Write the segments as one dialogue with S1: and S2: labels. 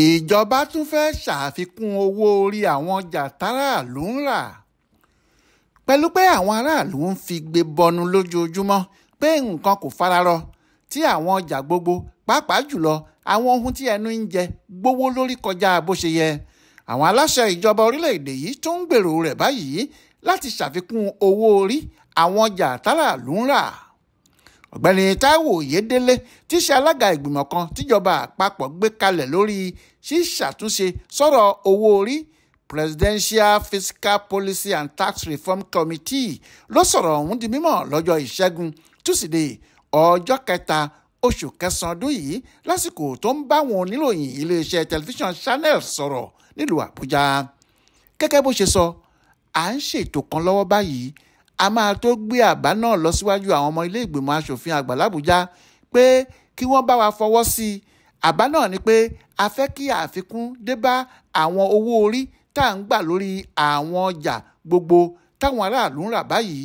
S1: ìjọba tún fẹ́ẹ́ ṣàfikún owó orí àwọn ọjà táràlú ń rà pẹ̀lú pé àwọn aráàlú ń fi gbé bọnu lójoojúmọ́ pé nǹkan kò fararọ tí àwọn ọjà gbogbo pàápàá jùlọ àwọn ohun tí ẹnu ń jẹ gbówó lórí kọjá bó ṣe yẹ àwọn aláṣẹ ìjọba orílẹ̀-èdè yìí tún ń gbèrò rẹ̀ báyìí láti ṣàfikún owó orí àwọn ọjà táràlú ń rà ọ̀gbẹ́ni Táíwò Oyèdélé tí í ṣe alága ìgbìmọ̀ kan tíjọba àpapọ̀ gbé kalẹ̀ lórí ṣíṣàtúnṣe sọ̀rọ̀ owó orí Presidential Fiscal Policy and Tax Reform Committee ló sọ̀rọ̀ ọ̀hún di mímọ̀ lọ́jọ́ ìṣẹ́gun túsìdeè ọjọ́ kẹta oṣù kẹsàn-án ọdún yìí lásìkò tó ń báwọn oníròyìn iléeṣẹ́ tẹlifíṣàn Channel sọ̀rọ̀ nílùú Àbújá gẹ́gẹ́ bó ṣe sọ à ń ṣètò kan lọ́wọ́ báyìí a máa tó gbé àbá náà lọ síwájú àwọn ọmọ ilé ìgbìmọ̀ asòfin àgbà làbújá pé kí wọ́n bá wa fọwọ́ sí i àbá náà ni pé a fẹ́ kí àfikún dé bá àwọn owó orí tá à ń gbà lórí àwọn ọjà gbogbo táwọn aráàlú ń rà báyìí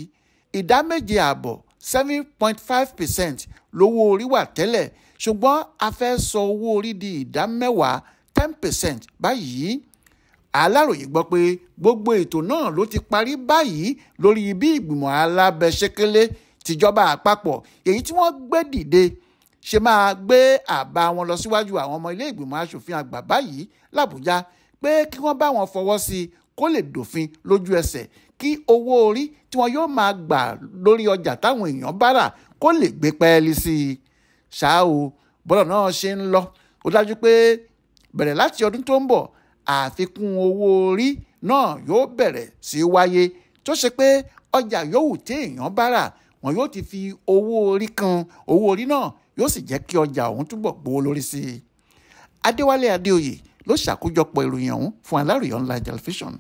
S1: ìdá méje àbọ̀ seven point five percent lówó orí wà tẹ́lẹ̀ ṣùgbọ́n a fẹ́ sọ owó orí di ìdá mẹ́wàá ten percent báyìí aláròye gbọ́ pé gbogbo ètò náà ló ti parí báyìí lórí bí ìgbìmọ̀ alábẹ́sẹ́kẹ́lé tìjọba àpapọ̀ èyí tí wọ́n gbé dìde ṣe máa gbé àbá wọn lọ síwájú àwọn ọmọ ilé ìgbìmọ̀ asòfin àgbà báyìí làbújá pé kí wọ́n bá wọn fọwọ́ sí i kó lè dòfin lójú ẹsẹ̀ kí owó orí tí wọn yóò máa gbà lórí ọjà táwọn èèyàn bá rà kó lè gbé pẹ́ẹ́lí sí i ṣáá o bọ́lọ̀ náà ṣe ń lọ ó dájú pé bẹ̀rẹ̀ láti ọdún tó ń bọ̀ àfikún owó orí náà yóò bẹ̀rẹ̀ sí wáyé tó ṣe pé ọjà yòówù tí èèyàn bá rà wọn yóò ti fi owó orí kan owó orí náà yóò sì jẹ́ kí ọjà ọ̀hún túbọ̀ gbówó lórí sí i. Adéwálé Adéoyè ló ṣàkójọpọ̀ ìròyìn ọ̀hún fún Aláròyé online television.